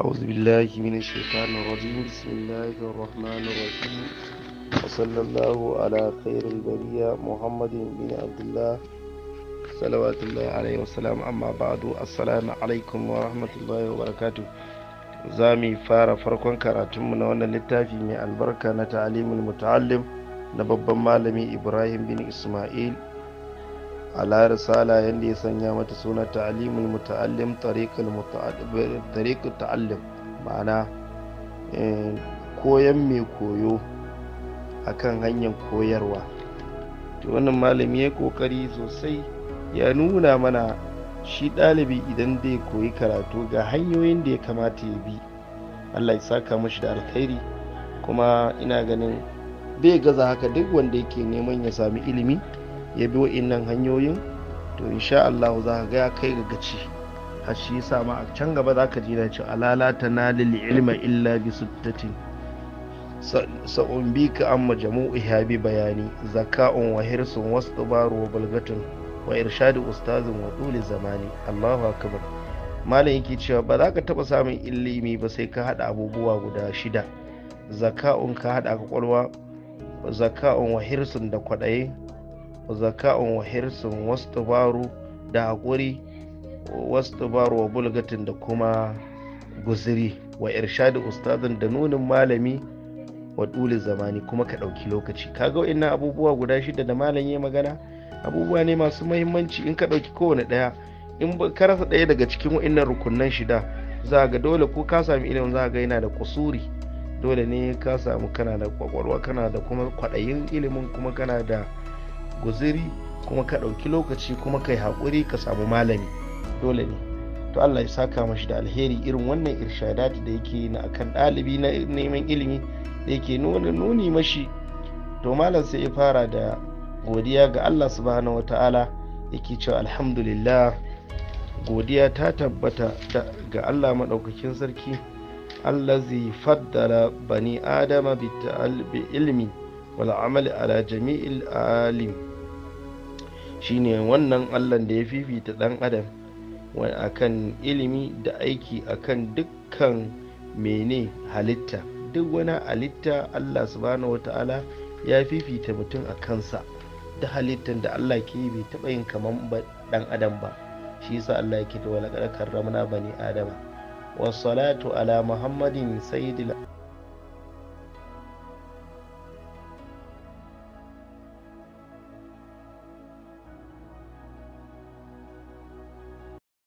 أعوذ بالله من الشيطان الرجيم بسم الله الرحمن الرحيم وصلى الله على خير البرية محمد بن عبد الله صلوات الله عليه وسلم أما بعد السلام عليكم ورحمة الله وبركاته زامي فار فرقون كراتم من وانا للتافي من البركة نتعليم المتعلم نبب مالمي إبراهيم بن إسماعيل ala risala yadda ya sanya mata suna ta'alimul muta'allim tariqul ta'allim ma'ana eh, koyan mai koyo akan hanyar koyarwa to wannan malami ya kokari sosai ya nuna mana shi ɗalibi idan zai koyi karatu ga hanyoyin da ya kamata ya bi allah ya saka mashi da alkhairi kuma ina ganin bai gaza haka duk wanda yake neman ya sami ilimi ya bi wa'innan hanyoyin to insha Allah za ka ga kai ga gaci har shi yasa ma a can gaba za ka ji na ce alala nalil ilma illa bi sittatin sa'un bi ka amma jamu'iha bi bayani zaka'un wa hirsun wasu wa balgatun wa irshadi ustazin wa dole zamani Allahu akbar malam yake cewa ba za ka taba samun ilimi ba sai ka hada abubuwa guda shida zaka'un ka hada kwalwa zaka'un wa hirsun da kwadaye zaka zaka'un wa hirsun wasu da haƙuri wasu baru wa bulgatin da kuma guziri wa irshadi ustazin da nunin malami wa ɗulin zamani kuma ka ɗauki lokaci kaga wa'innan abubuwa guda shida da malam ya magana abubuwa ne masu mahimmanci in ka ɗauki kowane ɗaya in ka rasa ɗaya daga cikin wa'innan rukunan shida za ga dole ko ka sami ilimin za ga yana da kusuri dole ne ka samu kana da kwakwalwa kana da kuma kwaɗayin ilimin kuma kana da guziri kuma ka ɗauki lokaci kuma ka yi haƙuri ka samu malami dole ne to Allah ya saka mashi da alheri irin wannan irshadati da yake na akan ɗalibi na neman ilimi da yake nuna nuni mashi to malam sai ya fara da godiya ga Allah subhanahu wata'ala yake cewa alhamdulillah godiya ta tabbata ga Allah maɗaukakin sarki allazi faddala bani adama bi ilmi wal amali ala jami'il alim shine wannan allan da ya fifita ɗan adam wani akan ilimi da aiki akan dukkan mene halitta duk wani halitta allah subhanahu wata'ala ya fifita mutum a kansa da halittar da allah ke bai taɓa yin kamar ɗan adam ba shi yasa allah ya ke ta walaƙar karramna bani adama wasu salatu ala muhammadin sayyidina